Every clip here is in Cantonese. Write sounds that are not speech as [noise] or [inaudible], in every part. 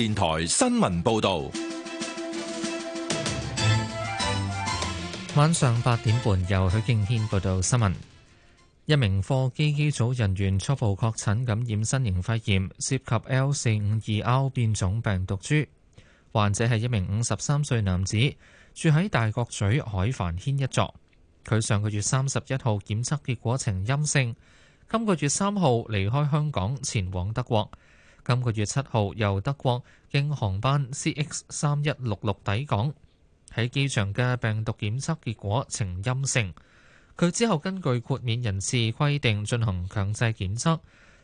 電台新聞報道，晚上八點半由許敬軒報道新聞。一名貨機機組人員初步確診感染新型肺炎，涉及 L 四五二 R 變種病毒株。患者係一名五十三歲男子，住喺大角咀海帆軒一座。佢上個月三十一號檢測結果呈陰性，今個月三號離開香港前往德國。今個月七號由德國經航班 CX 三一六六抵港，喺機場嘅病毒檢測結果呈陰性。佢之後根據豁免人士規定進行強制檢測，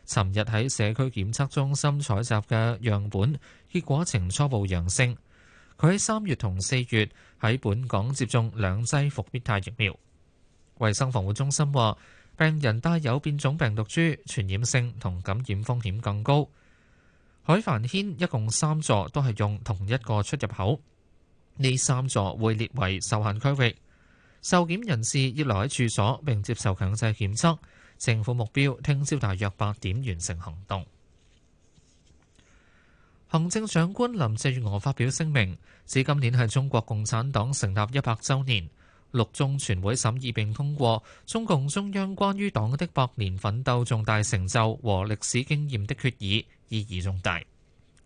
尋日喺社區檢測中心採集嘅樣本結果呈初步陽性。佢喺三月同四月喺本港接種兩劑復必泰疫苗。衞生防護中心話，病人帶有變種病毒株，傳染性同感染風險更高。海帆軒一共三座，都係用同一個出入口。呢三座會列為受限區域，受檢人士要留喺住所並接受強制檢測。政府目標聽朝大約八點完成行動。行政長官林鄭月娥發表聲明，指今年係中國共產黨成立一百週年，六中全會審議並通過中共中央關於黨的百年奮鬥重大成就和歷史經驗的決議，意義重大。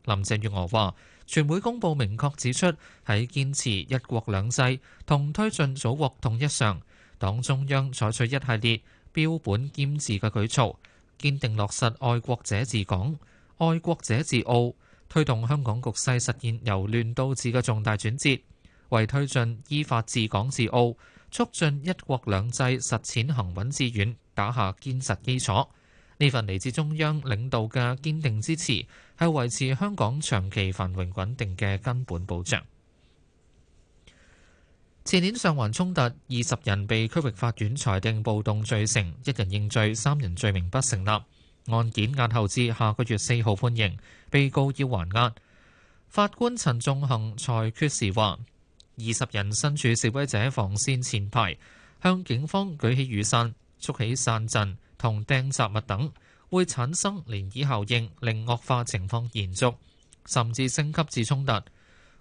林鄭月娥話：全會公佈明確指出，喺堅持一國兩制同推進祖國統一上，黨中央採取一系列標本兼治嘅舉措，堅定落實愛國者治港、愛國者治澳，推動香港局勢實現由亂到治嘅重大轉折，為推進依法治港治澳、促進一國兩制實踐行穩致遠打下堅實基礎。呢份嚟自中央領導嘅堅定支持，係維持香港長期繁榮穩定嘅根本保障。前年上環衝突，二十人被區域法院裁定暴動罪成，一人認罪，三人罪名不成立，案件押後至下個月四號判刑。被告要還押。法官陳仲恆裁決時話：二十人身處示威者防線前排，向警方舉起雨傘，築起傘陣。同掟雜物等，會產生漣漪效應，令惡化情況延續，甚至升級至衝突。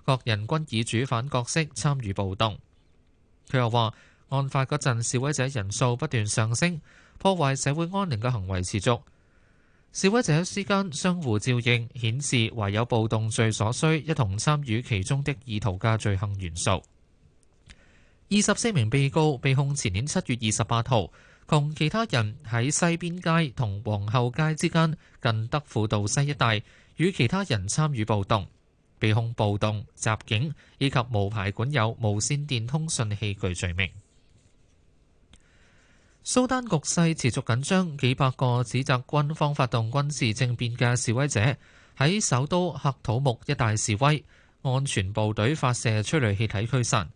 各人均以主犯角色參與暴動。佢又話：案發嗰陣，示威者人數不斷上升，破壞社會安寧嘅行為持續。示威者之間相互照應，顯示懷有暴動罪所需一同參與其中的意圖加罪行元素。二十四名被告被控前年七月二十八號。同其他人喺西邊街同皇后街之間近德輔道西一帶，與其他人參與暴動，被控暴動襲警以及無牌管有無線電通訊器具罪名。蘇丹局勢持續緊張，幾百個指責軍方發動軍事政變嘅示威者喺首都喀土穆一帶示威，安全部隊發射催淚氣體驅散。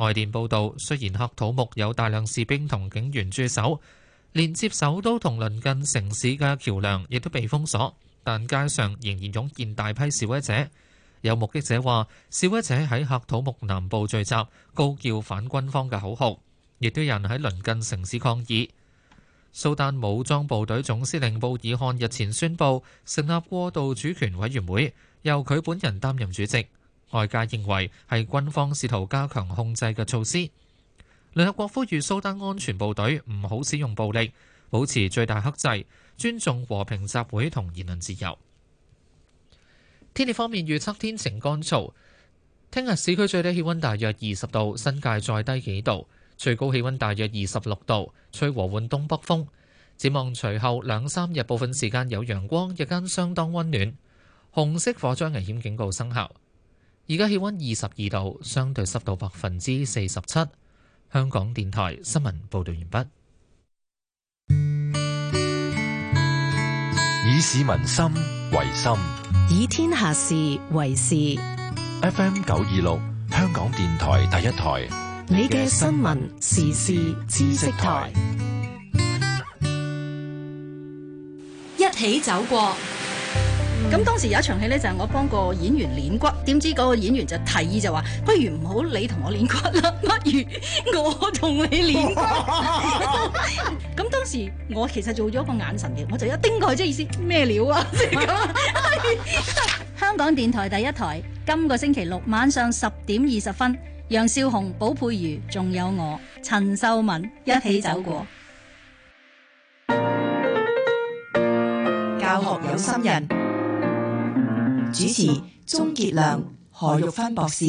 外電報導，雖然喀土穆有大量士兵同警員駐守，連接首都同鄰近城市嘅橋梁亦都被封鎖，但街上仍然湧現大批示威者。有目擊者話，示威者喺喀土穆南部聚集，高叫反軍方嘅口號，亦都有人喺鄰近城市抗議。蘇丹武裝部隊總司令布爾漢日前宣布成立過渡主權委員會，由佢本人擔任主席。外界認為係軍方試圖加強控制嘅措施。聯合國呼籲蘇丹安全部隊唔好使用暴力，保持最大克制，尊重和平集會同言論自由。天氣方面預測天晴乾燥，聽日市區最低氣温大約二十度，新界再低幾度，最高氣温大約二十六度，吹和緩東北風。展望隨後兩三日部分時間有陽光，日間相當温暖。紅色火災危險警告生效。而家氣温二十二度，相對濕度百分之四十七。香港電台新聞報道完畢。以市民心為心，以天下事為事。FM 九二六，香港電台第一台，你嘅新聞時事知識台，一起走過。咁、嗯、當時有一場戲咧，就係我幫個演員捏骨，點知嗰個演員就提議就話，不如唔好你同我捏骨啦，不如我同你捏骨。咁當時我其實做咗一個眼神嘅，我就一盯佢即意思咩料啊！香港電台第一台，今個星期六晚上十點二十分，楊少紅、寶佩如，仲有我陳秀敏一起走過。教學有心人。主持鍾傑良、何玉芬博士，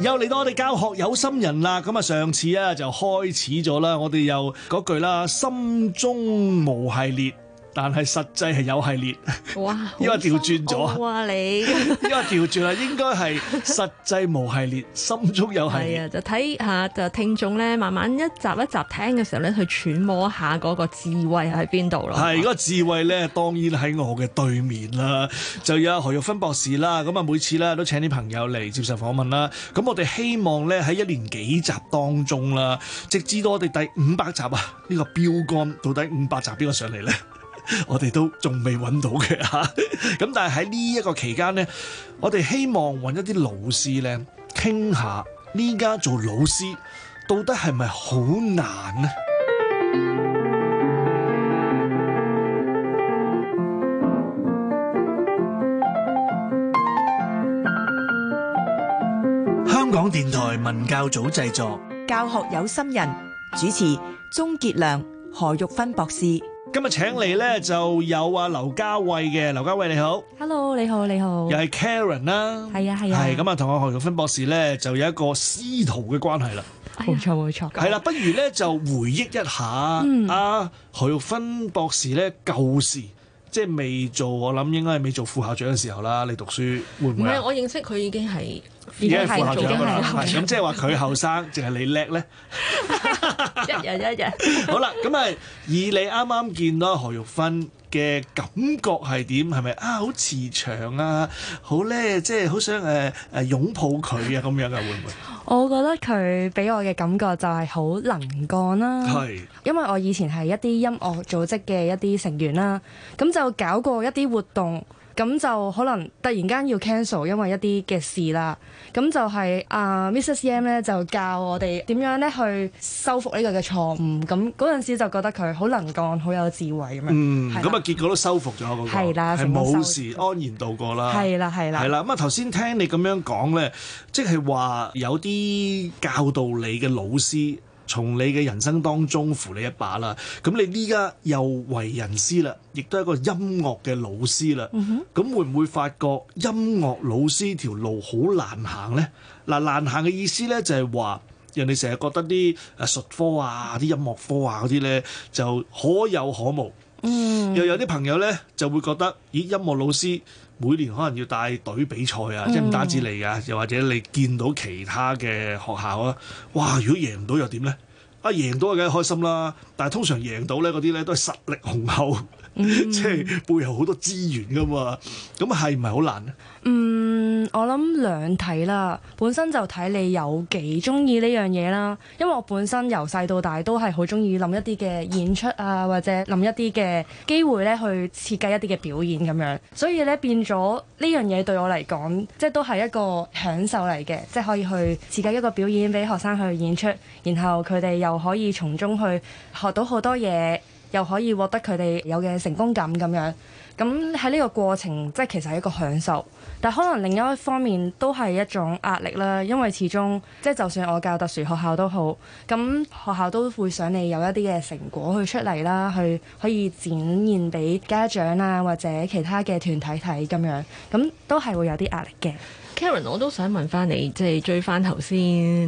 又嚟到我哋教學有心人啦！咁啊，上次啊就開始咗啦，我哋又嗰句啦，心中無系列。但係實際係有系列，哇！ [laughs] 因為調轉咗，哇你！ [laughs] 因為調轉啦，應該係實際冇系列， [laughs] 心足有系列。啊，就睇下，就聽眾咧，慢慢一集一集聽嘅時候咧，去揣摩一下嗰個智慧喺邊度咯。係對，嗰哇個智慧咧，當然喺我嘅對面啦。就有何玉芬博士啦，咁啊每次咧都請啲朋友嚟接受訪問啦。咁我哋希望咧喺一年幾集當中啦，直至到我哋第五百集啊，呢、這個標杆到底五百集邊個上嚟咧？ [laughs] 我哋都仲未揾到嘅嚇，咁但係喺呢一個期間呢，我哋希望揾一啲老師咧傾下，呢家做老師到底係咪好難咧？香港電台文教組製作，教學有心人主持，鍾杰良、何玉芬博士。今日請嚟咧就有啊，劉家蔚嘅。劉家蔚你好，Hello，你好你好，又係 Karen 啦，係啊係啊，係咁啊同阿、啊啊、何玉芬博士咧就有一個師徒嘅關係啦，冇錯冇錯，係啦、啊，不如咧就回憶一下啊，嗯、何玉芬博士咧舊事。即係未做，我諗應該係未做副校長嘅時候啦。你讀書會唔會啊？唔係，我認識佢已經係已經係副校長㗎啦。咁即係話佢後生，淨係 [laughs] 你叻咧？一樣一樣。好啦，咁啊，以你啱啱見到何玉芬嘅感覺係點？係咪啊？好慈祥啊！好咧，即係好想誒誒、呃、擁抱佢啊！咁樣啊，會唔會？我覺得佢俾我嘅感覺就係好能幹啦。係，因為我以前係一啲音樂組織嘅一啲成員啦，咁就搞過一啲活動。咁就可能突然間要 cancel，因為一啲嘅事啦。咁就係、是、啊、呃、Mrs. M 咧就教我哋點樣咧去修復呢個嘅錯誤。咁嗰陣時就覺得佢好能幹，好有智慧咁樣。嗯，咁啊的結果都修復咗嗰個，係啦的，係冇事安然度過啦。係啦，係啦，係啦。咁啊頭先聽你咁樣講咧，即係話有啲教導你嘅老師。從你嘅人生當中扶你一把啦，咁你依家又為人師啦，亦都係一個音樂嘅老師啦。咁會唔會發覺音樂老師條路好難行呢？嗱，難行嘅意思呢，就係話，人哋成日覺得啲誒術科啊、啲音樂科啊嗰啲呢，就可有可無。嗯，又有啲朋友呢，就會覺得，咦音樂老師？每年可能要帶隊比賽啊，即係唔單止你㗎，又或者你見到其他嘅學校啊，哇！如果贏唔到又點呢？啊贏到梗係開心啦，但係通常贏到呢嗰啲呢，都係實力雄厚。嗯、即係背後好多資源噶嘛，咁係唔係好難咧？嗯，我諗兩睇啦，本身就睇你有幾中意呢樣嘢啦。因為我本身由細到大都係好中意諗一啲嘅演出啊，或者諗一啲嘅機會咧，去設計一啲嘅表演咁樣，所以咧，變咗呢樣嘢對我嚟講，即係都係一個享受嚟嘅，即係可以去設計一個表演俾學生去演出，然後佢哋又可以從中去學到好多嘢。又可以獲得佢哋有嘅成功感咁樣，咁喺呢個過程即係其實係一個享受，但可能另一方面都係一種壓力啦，因為始終即係就算我教特殊學校都好，咁學校都會想你有一啲嘅成果去出嚟啦，去可以展現俾家長啊或者其他嘅團體睇咁樣，咁都係會有啲壓力嘅。Karen，我都想問翻你，即係追翻頭先，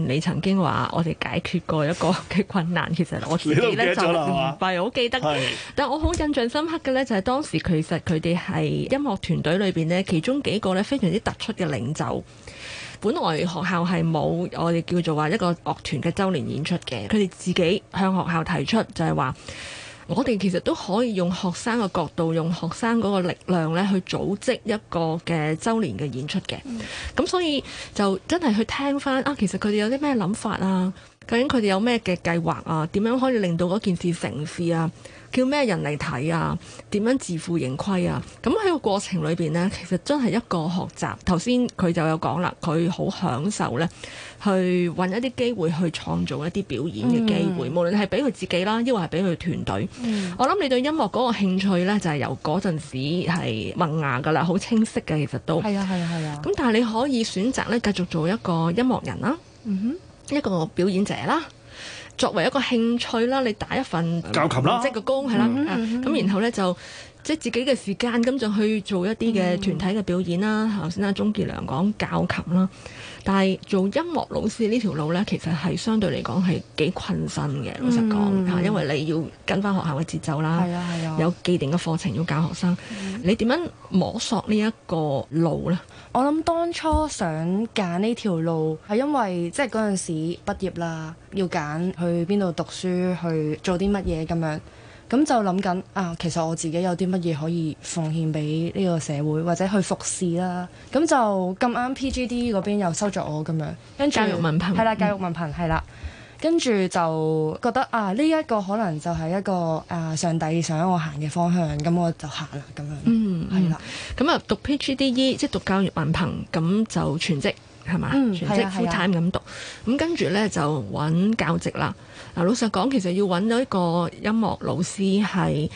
你曾經話我哋解決過一個嘅困難。其實我自己呢都就唔係好記得。記得係但係我好印象深刻嘅咧，就係當時其實佢哋係音樂團隊裏邊呢其中幾個咧非常之突出嘅領袖。本來學校係冇我哋叫做話一個樂團嘅周年演出嘅，佢哋自己向學校提出就係話。我哋其實都可以用學生嘅角度，用學生嗰個力量咧去組織一個嘅週年嘅演出嘅。咁、嗯、所以就真係去聽返啊，其實佢哋有啲咩諗法啊？究竟佢哋有咩嘅計劃啊？點樣可以令到嗰件事成事啊？叫咩人嚟睇啊？點樣自負盈虧啊？咁喺個過程裏邊呢，其實真係一個學習。頭先佢就有講啦，佢好享受呢去揾一啲機會去創造一啲表演嘅機會，嗯、無論係俾佢自己啦，抑或係俾佢團隊。嗯、我諗你對音樂嗰個興趣呢，就係由嗰陣時係萌芽噶啦，好清晰嘅。其實都係啊，係啊，係啊。咁但係你可以選擇呢，繼續做一個音樂人啦，嗯哼，一個表演者啦。作為一個興趣啦，你打一份教琴啦，即係個工係啦，咁、mm hmm. 嗯、然後咧就。即係自己嘅時間，咁就去做一啲嘅團體嘅表演啦。頭先阿鍾傑良講教琴啦，但係做音樂老師呢條路呢，其實係相對嚟講係幾困身嘅。嗯、老實講嚇，因為你要跟翻學校嘅節奏啦，嗯、有既定嘅課程要教學生，嗯、你點樣摸索呢一個路呢？我諗當初想揀呢條路，係因為即係嗰陣時畢業啦，要揀去邊度讀書，去做啲乜嘢咁樣。咁就諗緊啊，其實我自己有啲乜嘢可以奉獻俾呢個社會，或者去服侍啦。咁就咁啱 P.G.D.E. 嗰邊又收咗我咁樣，跟住教育文係啦，教育文憑係啦，跟住就覺得啊，呢一個可能就係一個啊上帝想我行嘅方向，咁我就行啦咁樣。嗯，係啦。咁啊，讀 P.G.D.E. 即係讀教育文憑，咁就全職係嘛？全職好 u l 咁讀，咁跟住咧就揾教職啦。嗱，老實講，其實要揾到一個音樂老師係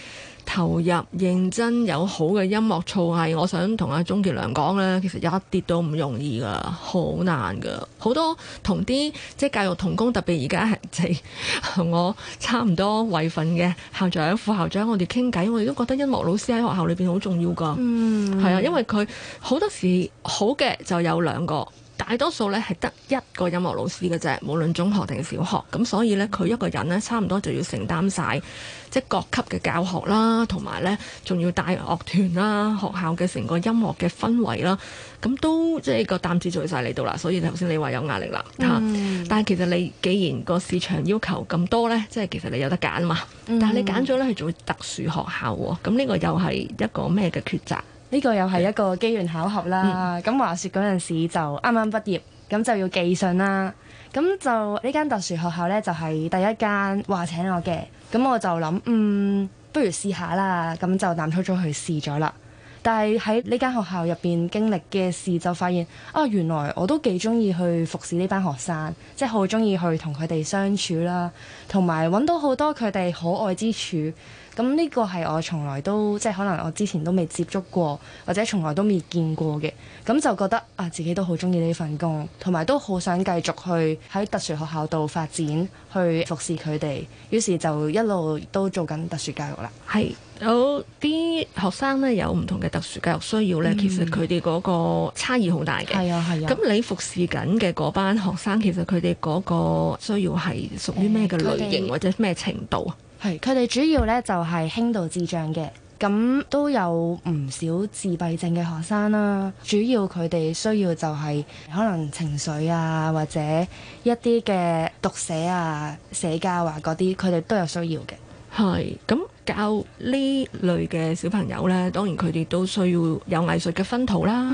投入、認真、有好嘅音樂操藝，我想同阿鍾傑良講呢，其實一啲都唔容易噶，好難噶。好多同啲即係教育同工，特別而家係同我差唔多位份嘅校長、副校長，我哋傾偈，我哋都覺得音樂老師喺學校裏邊好重要噶。嗯，係啊，因為佢好多時好嘅就有兩個。大多數咧係得一個音樂老師嘅啫，無論中學定小學，咁所以咧佢一個人咧差唔多就要承擔晒，即係各級嘅教學啦，同埋咧仲要帶樂團啦，學校嘅成個音樂嘅氛圍啦，咁都即係個擔子做晒你度啦。所以頭先你話有壓力啦嚇，嗯、但係其實你既然個市場要求咁多咧，即係其實你有得揀嘛。但係你揀咗咧係做特殊學校喎，咁呢個又係一個咩嘅抉擇？呢個又係一個機緣巧合啦。咁、嗯、話説嗰陣時就啱啱畢業，咁就要寄信啦。咁就呢間特殊學校呢，就係、是、第一間話請我嘅。咁我就諗，嗯，不如試下啦。咁就膽粗粗去試咗啦。但係喺呢間學校入邊經歷嘅事，就發現啊，原來我都幾中意去服侍呢班學生，即係好中意去同佢哋相處啦，同埋揾到好多佢哋可愛之處。咁呢個係我從來都即係可能我之前都未接觸過，或者從來都未見過嘅。咁就覺得啊，自己都好中意呢份工，同埋都好想繼續去喺特殊學校度發展，去服侍佢哋。於是就一路都做緊特殊教育啦。係有啲學生呢，有唔同嘅特殊教育需要呢。嗯、其實佢哋嗰個差異好大嘅。係啊，係啊。咁你服侍緊嘅嗰班學生，其實佢哋嗰個需要係屬於咩嘅類型，嗯、或者咩程度啊？佢哋主要咧就係輕度智障嘅，咁都有唔少自閉症嘅學生啦。主要佢哋需要就係可能情緒啊，或者一啲嘅讀寫啊、社交啊嗰啲，佢哋都有需要嘅。係咁教呢類嘅小朋友咧，當然佢哋都需要有藝術嘅薰陶啦，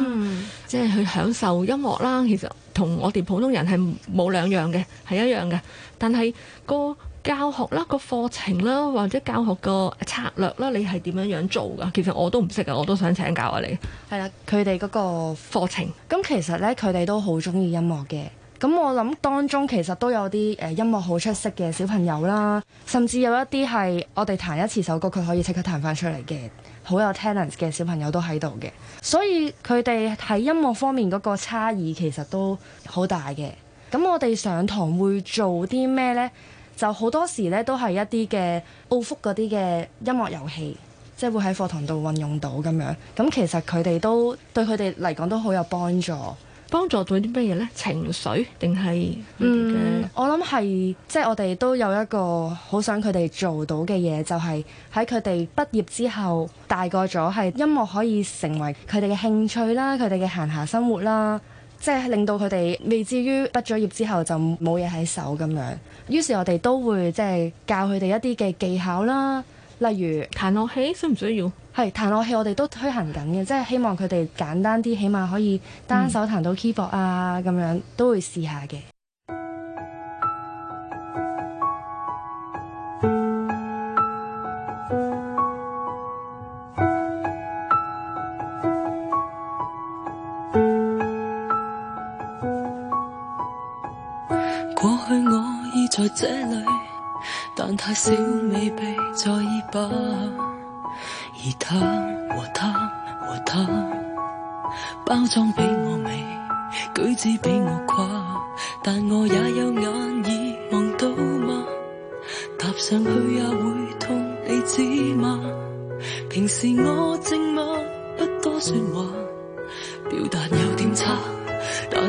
即係、嗯、去享受音樂啦。其實同我哋普通人係冇兩樣嘅，係一樣嘅。但係、個教學啦、個課程啦，或者教學個策略啦，你係點樣樣做噶？其實我都唔識啊，我都想請教下你。係啦，佢哋嗰個課程咁，其實呢，佢哋都好中意音樂嘅。咁我諗當中其實都有啲誒音樂好出色嘅小朋友啦，甚至有一啲係我哋彈一次首歌，佢可以即刻彈翻出嚟嘅，好有 talent 嘅小朋友都喺度嘅。所以佢哋喺音樂方面嗰個差異其實都好大嘅。咁我哋上堂會做啲咩呢？就好多時咧，都係一啲嘅奧福嗰啲嘅音樂遊戲，即係會喺課堂度運用到咁樣。咁其實佢哋都對佢哋嚟講都好有幫助。幫助到啲咩嘢咧？情緒定係？嗯，我諗係即係我哋都有一個好想佢哋做到嘅嘢，就係喺佢哋畢業之後大個咗，係音樂可以成為佢哋嘅興趣啦，佢哋嘅閒暇生活啦。即係令到佢哋未至於畢咗業之後就冇嘢喺手咁樣，於是我哋都會即係教佢哋一啲嘅技巧啦，例如彈樂器需唔需要？係，彈樂器，樂器我哋都推行緊嘅，即係希望佢哋簡單啲，起碼可以單手彈到 keyboard 啊，咁、嗯、樣都會試下嘅。過去我已在這裏，但太少未被在意吧。而他和她，和他，包裝比我美，舉止比我誇，但我也有眼耳望到嗎？踏上去也會痛，你知嗎？平時我靜默，不多說話，表達有點差。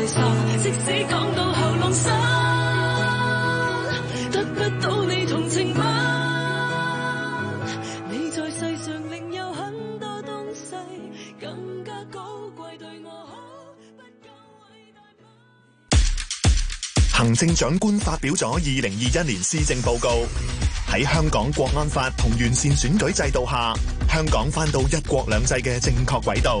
即使講到喉嚨得不到你同情嗎？你在世上另有很多東西，更加高貴對我好，不夠偉大。行政長官發表咗二零二一年施政報告，喺香港國安法同完善選舉制度下，香港翻到一國兩制嘅正確軌道。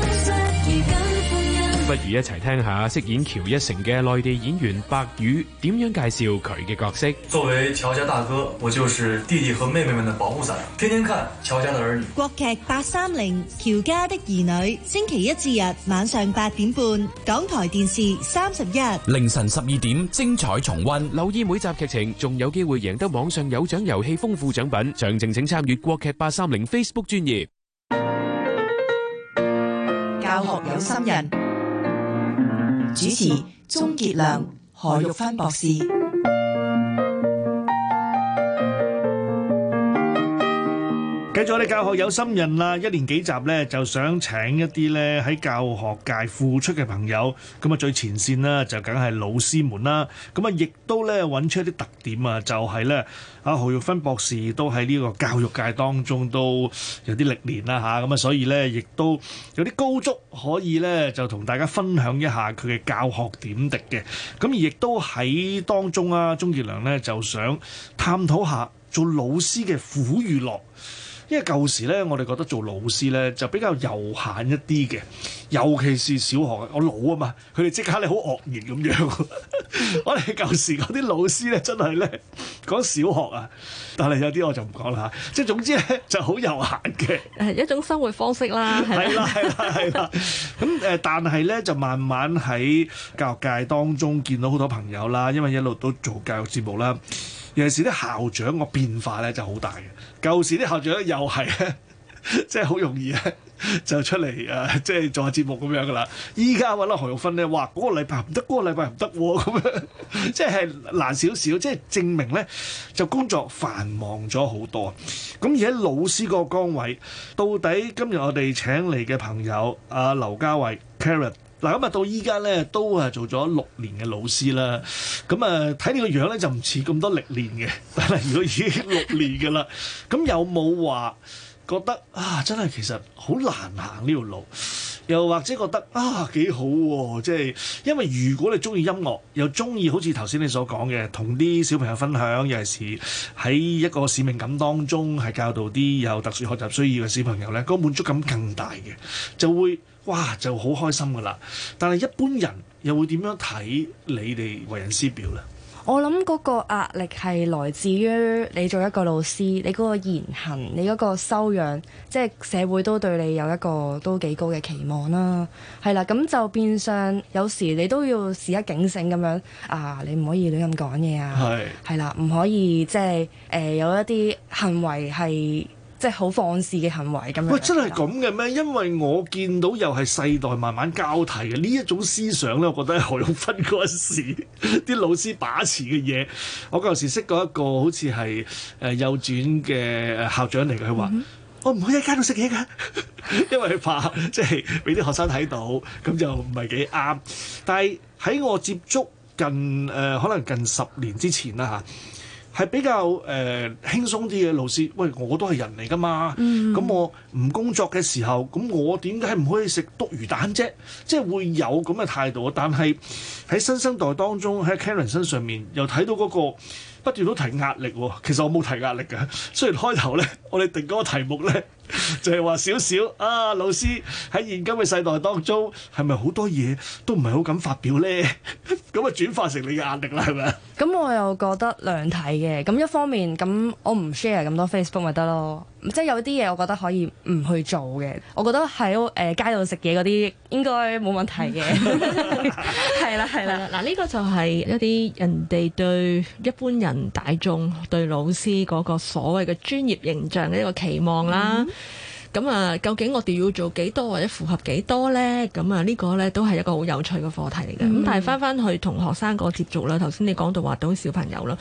不如一齊聽下飾演喬一成嘅內地演員白宇點樣介紹佢嘅角色。作為喬家大哥，我就是弟弟和妹妹們的保護傘。天天看喬家的兒女。國劇八三零《喬家的兒女》，星期一至日晚上八點半，港台電視三十一，凌晨十二點，精彩重溫。留意每集劇情，仲有機會贏得網上有獎遊戲豐富獎品。詳情請參閱國劇八三零 Facebook 專頁。教學有心人。主持：鍾杰良、何玉芬博士。繼續我哋教學有心人啦，一連幾集咧就想請一啲咧喺教學界付出嘅朋友，咁啊最前線啦就梗係老師們啦，咁啊亦都咧揾出一啲特點啊，就係咧阿何玉芬博士都喺呢個教育界當中都有啲歷練啦吓，咁啊所以咧亦都有啲高足可以咧就同大家分享一下佢嘅教學點滴嘅，咁而亦都喺當中啊，鍾杰良咧就想探討下做老師嘅苦與樂。因為舊時咧，我哋覺得做老師咧就比較悠閒一啲嘅，尤其是小學，我老啊嘛，佢哋即刻你好愕然咁樣。 [laughs] [laughs] 我哋舊時嗰啲老師咧，真係咧講小學啊，但係有啲我就唔講啦嚇。即係總之咧，就好悠閒嘅。係一種生活方式啦。係啦係啦係啦。咁誒 [laughs] [laughs] 但係咧就慢慢喺教育界當中見到好多朋友啦，因為一路都做教育節目啦，尤其是啲校長個變化咧就好大嘅。舊時啲校長又係咧、 [laughs] [laughs] 啊，即係好容易咧就出嚟誒，即係做下節目咁樣噶啦。依家揾阿何玉芬咧，哇！嗰、那個禮拜唔得，嗰、那個禮拜唔得咁樣，即係難少少。即係證明咧，就工作繁忙咗好多。咁而喺老師嗰個崗位，到底今日我哋請嚟嘅朋友阿、啊、劉家蔚 Carrot。Carr ot, 嗱咁啊，到依家咧都係做咗六年嘅老師啦，咁啊睇你個樣咧就唔似咁多歷練嘅，但係如果已經六年噶啦，咁有冇話？覺得啊，真係其實好難行呢條路，又或者覺得啊幾好喎、啊，即係因為如果你中意音樂，又中意好似頭先你所講嘅，同啲小朋友分享，尤其係喺一個使命感當中係教導啲有特殊學習需要嘅小朋友呢個、那個、滿足感更大嘅，就會哇就好開心㗎啦。但係一般人又會點樣睇你哋為人師表呢？我諗嗰個壓力係來自於你做一個老師，你嗰個言行，你嗰個修養，即係社會都對你有一個都幾高嘅期望啦、啊。係啦，咁就變相有時你都要時一警醒咁樣啊，你唔可以亂咁講嘢啊，係啦是，唔可以即係誒、呃、有一啲行為係。即係好放肆嘅行為咁樣。喂，真係咁嘅咩？因為我見到又係世代慢慢交替嘅呢一種思想咧，我覺得係好骨幹事。啲 [laughs] 老師把持嘅嘢，我舊時識過一個好似係誒幼稚園嘅校長嚟嘅，佢話、嗯哼：我唔可以喺街度食嘢㗎， [laughs] 因為怕即係俾啲學生睇到，咁就唔係幾啱。但係喺我接觸近誒、呃、可能近十年之前啦嚇。啊係比較誒、呃、輕鬆啲嘅老師，喂，我都係人嚟㗎嘛，咁、mm hmm. 我唔工作嘅時候，咁我點解唔可以食篤魚蛋啫？即係會有咁嘅態度。但係喺新生代當中，喺 Karen 身上面又睇到嗰、嗰個不斷都提壓力，哦。其實我冇提壓力㗎。雖然開頭咧，我哋定嗰個題目咧。 [laughs] 就係話少少啊！老師喺現今嘅世代當中，係咪好多嘢都唔係好敢發表呢？咁 [laughs] 啊 [laughs] 轉化成你嘅壓力啦，係咪？咁我又覺得兩睇嘅。咁一方面，咁我唔 share 咁多 Facebook 咪得咯？即、就、係、是、有啲嘢我覺得可以唔去做嘅。我覺得喺誒街度食嘢嗰啲應該冇問題嘅。係、 [laughs] 啊啊嗯、啦，係啦。嗱呢個就係一啲人哋對一般人大眾對老師嗰個所謂嘅專業形象嘅一個期望啦。嗯咁啊、嗯，究竟我哋要做幾多或者符合幾多呢？咁、嗯、啊，這個、呢個咧都係一個好有趣嘅課題嚟嘅。咁但係翻翻去同學生個接觸啦，頭先你講到話到小朋友啦，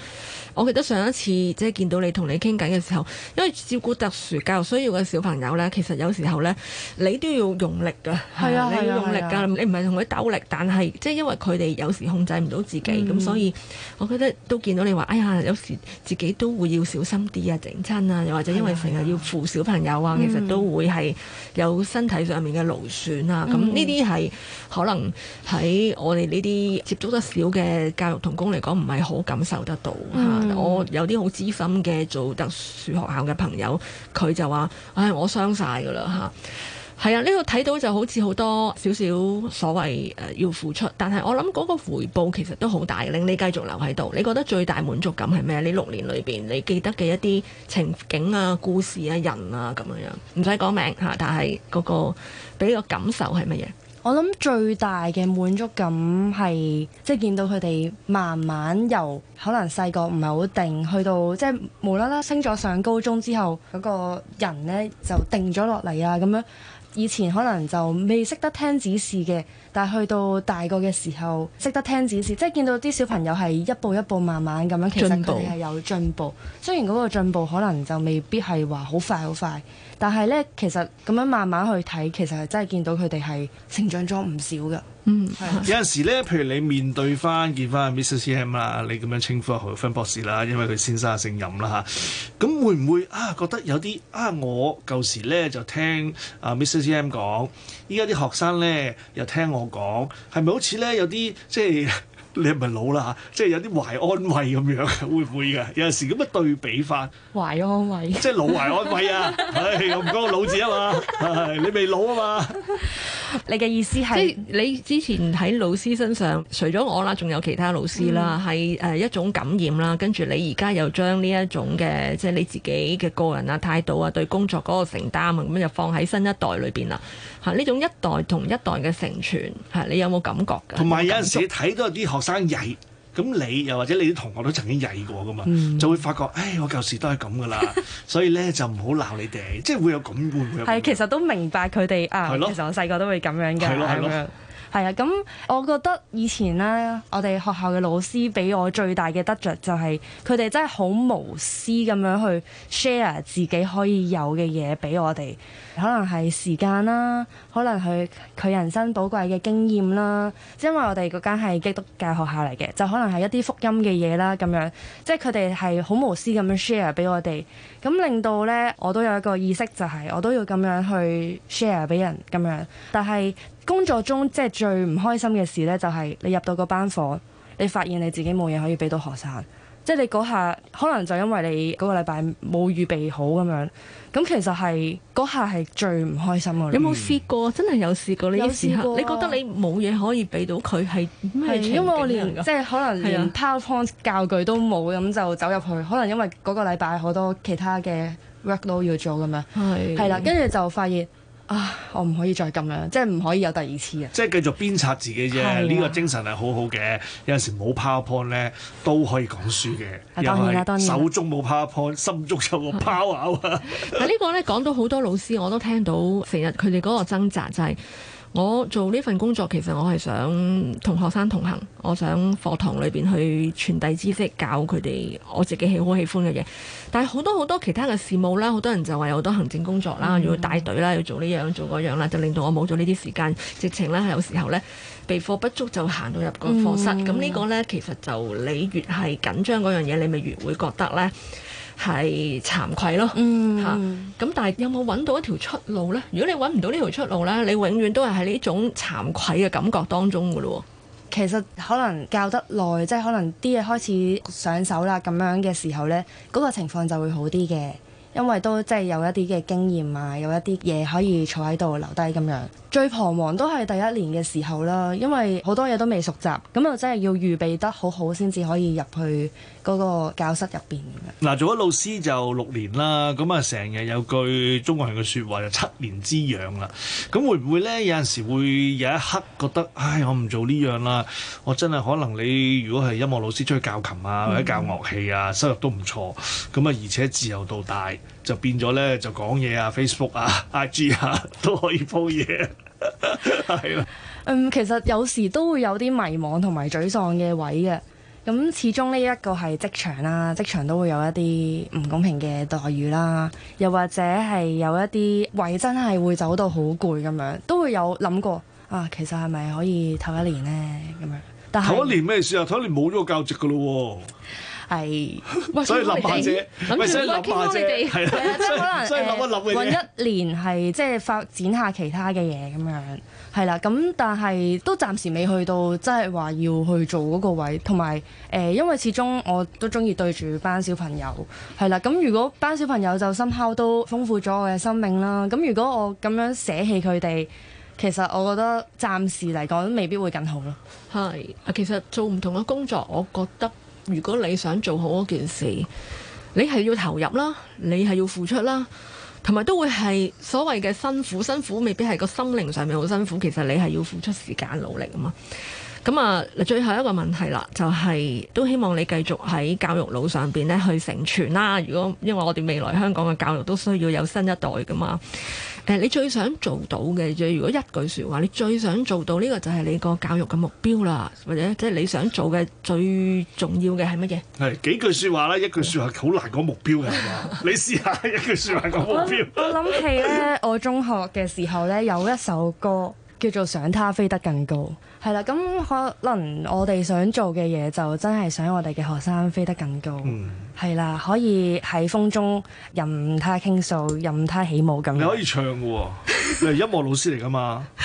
我記得上一次即係見到你同你傾偈嘅時候，因為照顧特殊教育需要嘅小朋友呢，其實有時候呢，你都要用力噶，係啊，啊你要用力噶，啊啊、你唔係同佢鬥力，但係即係因為佢哋有時控制唔到自己，咁、嗯嗯、所以我覺得都見到你話，哎呀，有時自己都會要小心啲啊，整親啊，又或者因為成日要扶小朋友啊、嗯，其實都、嗯、～都會係有身體上面嘅勞損啊，咁呢啲係可能喺我哋呢啲接觸得少嘅教育同工嚟講，唔係好感受得到吓、嗯啊。我有啲好資深嘅做特殊學校嘅朋友，佢就話：唉、哎，我傷晒㗎喇吓。啊係啊，呢度睇到就好似好多少少所謂誒、呃、要付出，但係我諗嗰個回報其實都好大，令你繼續留喺度。你覺得最大滿足感係咩？呢六年裏邊你記得嘅一啲情景啊、故事啊、人啊咁樣樣，唔使講名吓、啊。但係嗰、嗰個俾個感受係乜嘢？我諗最大嘅滿足感係即係見到佢哋慢慢由可能細個唔係好定，去到即係、即係、無啦啦升咗上高中之後嗰、嗰個人呢就定咗落嚟啊咁樣。以前可能就未識得聽指示嘅。但係去到大個嘅時候，識得聽指示，即係見到啲小朋友係一步一步慢慢咁樣，其實佢哋係有進步。雖然嗰個進步可能就未必係話好快好快，但係咧其實咁樣慢慢去睇，其實係真係見到佢哋係成長咗唔少噶。嗯，係的有陣時咧，譬如你面對翻見翻 Mrs. Yam 啦，你咁樣稱呼何芬博士啦，因為佢先生嘅姓任啦吓，咁、啊、會唔會啊覺得有啲啊我舊時咧就聽啊 Mrs. Yam 講，依家啲學生咧又聽我。我講係咪好似咧有啲即係？你係咪老啦？嚇，即係有啲懷安慰咁樣，會唔會噶？有陣時咁樣對比翻，懷安慰，即係老懷安慰啊！唉、 [laughs] 哎，又唔講個老字啊嘛、哎，你未老啊嘛？你嘅意思係你之前喺老師身上，除咗我啦，仲有其他老師啦，係誒、嗯、一種感染啦。跟住你而家又將呢一種嘅即係你自己嘅個人啊態度啊對工作嗰個承擔啊，咁就放喺新一代裏邊啦。嚇，呢種一代同一代嘅承傳，嚇，你有冇感覺？同埋有陣時睇到啲學生曳咁，你又或者你啲同學都曾經曳過噶嘛，嗯、就會發覺誒，我舊時都係咁噶啦， [laughs] 所以咧就唔好鬧你哋，即係會有咁，會唔會係其實都明白佢哋對咯 啊？其實我細個都會咁樣嘅咁樣係啊。咁我覺得以前咧，我哋學校嘅老師俾我最大嘅得着就係佢哋真係好無私咁樣去 share 自己可以有嘅嘢俾我哋。可能係時間啦，可能佢佢人生寶貴嘅經驗啦。因為我哋嗰間係基督教學校嚟嘅，就可能係一啲福音嘅嘢啦。咁樣即係佢哋係好無私咁樣 share 俾我哋，咁令到咧我都有一個意識、就係，就係我都要咁樣去 share 俾人咁樣。但係工作中即係最唔開心嘅事咧，就係、係、你入到個班房，你發現你自己冇嘢可以俾到學生。即係你嗰下，可能就因為你嗰個禮拜冇預備好咁樣，咁其實係嗰下係最唔開心嘅。有冇試過？真係有試過。你有試過。試過啊。你覺得你冇嘢可以俾到佢係咩？因為我連即係可能連 PowerPoint 教具都冇，咁的就走入去。可能因為嗰個禮拜好多其他嘅 workload 都要做咁樣。係的。係啦，跟住就發現。啊！我唔可以再咁樣，即係唔可以有第二次啊！即係繼續鞭策自己啫，呢、啊、個精神係好好嘅。有陣時冇 PowerPoint 咧，都可以講書嘅、啊啊。當然啦，當然。手中冇 PowerPoint，心中有個 Power 啊！但係呢個咧講到好多老師，我都聽到成日佢哋嗰個掙扎就係、是。我做呢份工作，其實我係想同學生同行，我想課堂裏邊去傳遞知識，教佢哋，我自己喜好喜歡嘅嘢。但係好多好多其他嘅事務啦，好多人就話有好多行政工作啦，要帶隊啦，要做呢樣做嗰樣啦，就令到我冇咗呢啲時間，直情咧有時候呢，備課不足就行到入個課室。嗯、咁呢個呢，其實就你越係緊張嗰樣嘢，你咪越會覺得呢。係慚愧咯嚇，咁、嗯啊、但係有冇揾到一條出路呢？如果你揾唔到呢條出路呢，你永遠都係喺呢種慚愧嘅感覺當中嘅咯。其實可能教得耐，即係可能啲嘢開始上手啦，咁樣嘅時候呢，嗰、嗰個情況就會好啲嘅，因為都即係有一啲嘅經驗啊，有一啲嘢可以坐喺度留低咁樣。最彷徨都係第一年嘅時候啦，因為好多嘢都未熟習，咁又真係要預備得好好先至可以入去。嗰個教室入邊嗱，做咗老師就六年啦，咁啊成日有句中國人嘅説話就七年之癢啦。咁會唔會呢？有陣時會有一刻覺得，唉，我唔做呢樣啦。我真係可能你如果係音樂老師出去教琴啊或者教樂器啊，收入都唔錯。咁啊、嗯，而且自由度大，就變咗呢，就講嘢啊，Facebook 啊、IG 啊都可以 po 嘢，係 [laughs] 啦吧。嗯，其實有時都會有啲迷茫同埋沮喪嘅位嘅。咁始終呢一個係職場啦，職場都會有一啲唔公平嘅待遇啦，又或者係有一啲位真係會走到好攰咁樣，都會有諗過啊，其實係咪可以唞一年呢？咁樣，但係唞一年咩事啊？唞一年冇咗個教職㗎啦喎！係，所以諗下啫，所以諗下啫，係啦、啊，啊、即係可能混、呃、一,一年係即係發展下其他嘅嘢咁樣，係啦、啊，咁但係都暫時未去到即係話要去做嗰個位，同埋誒，因為始終我都中意對住班小朋友，係啦、啊，咁如果班小朋友就深刻都豐富咗我嘅生命啦，咁如果我咁樣捨棄佢哋，其實我覺得暫時嚟講未必會更好咯。係啊，其實做唔同嘅工作，我覺得。如果你想做好嗰件事，你係要投入啦，你係要付出啦，同埋都會係所謂嘅辛苦，辛苦未必係個心靈上面好辛苦，其實你係要付出時間努力啊嘛。咁啊，最後一個問題啦，就係、是、都希望你繼續喺教育路上邊咧去成全啦。如果因為我哋未來香港嘅教育都需要有新一代噶嘛。誒，你最想做到嘅，即如果一句説話，你最想做到呢個就係你個教育嘅目標啦，或者即係你想做嘅最重要嘅係乜嘢？係幾句説話啦，一句説話好難講目標嘅，係嘛？你試下一句説話講目標。我諗起咧，我中學嘅時候咧，有一首歌叫做《想他飛得更高》。係啦，咁可能我哋想做嘅嘢就真係想我哋嘅學生飛得更高，係啦、嗯，可以喺風中任他傾訴，任他起舞咁。你可以唱嘅喎，你係音樂老師嚟㗎嘛？ [laughs]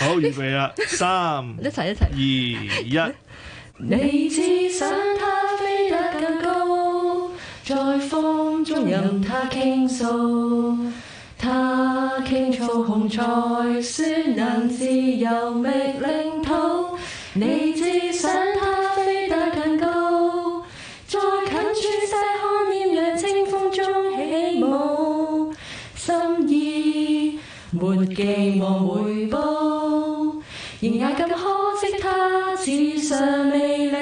好，預備啦，三，一齊一齊，二一。你只想他飛得更高，在風中任他傾訴。 [laughs] 他傾訴紅才，說能自由覓領土。你只想他飛得更高，再近處細看豔陽清風中起舞，心意沒寄望回報，仍也更可惜尚，他志尚未。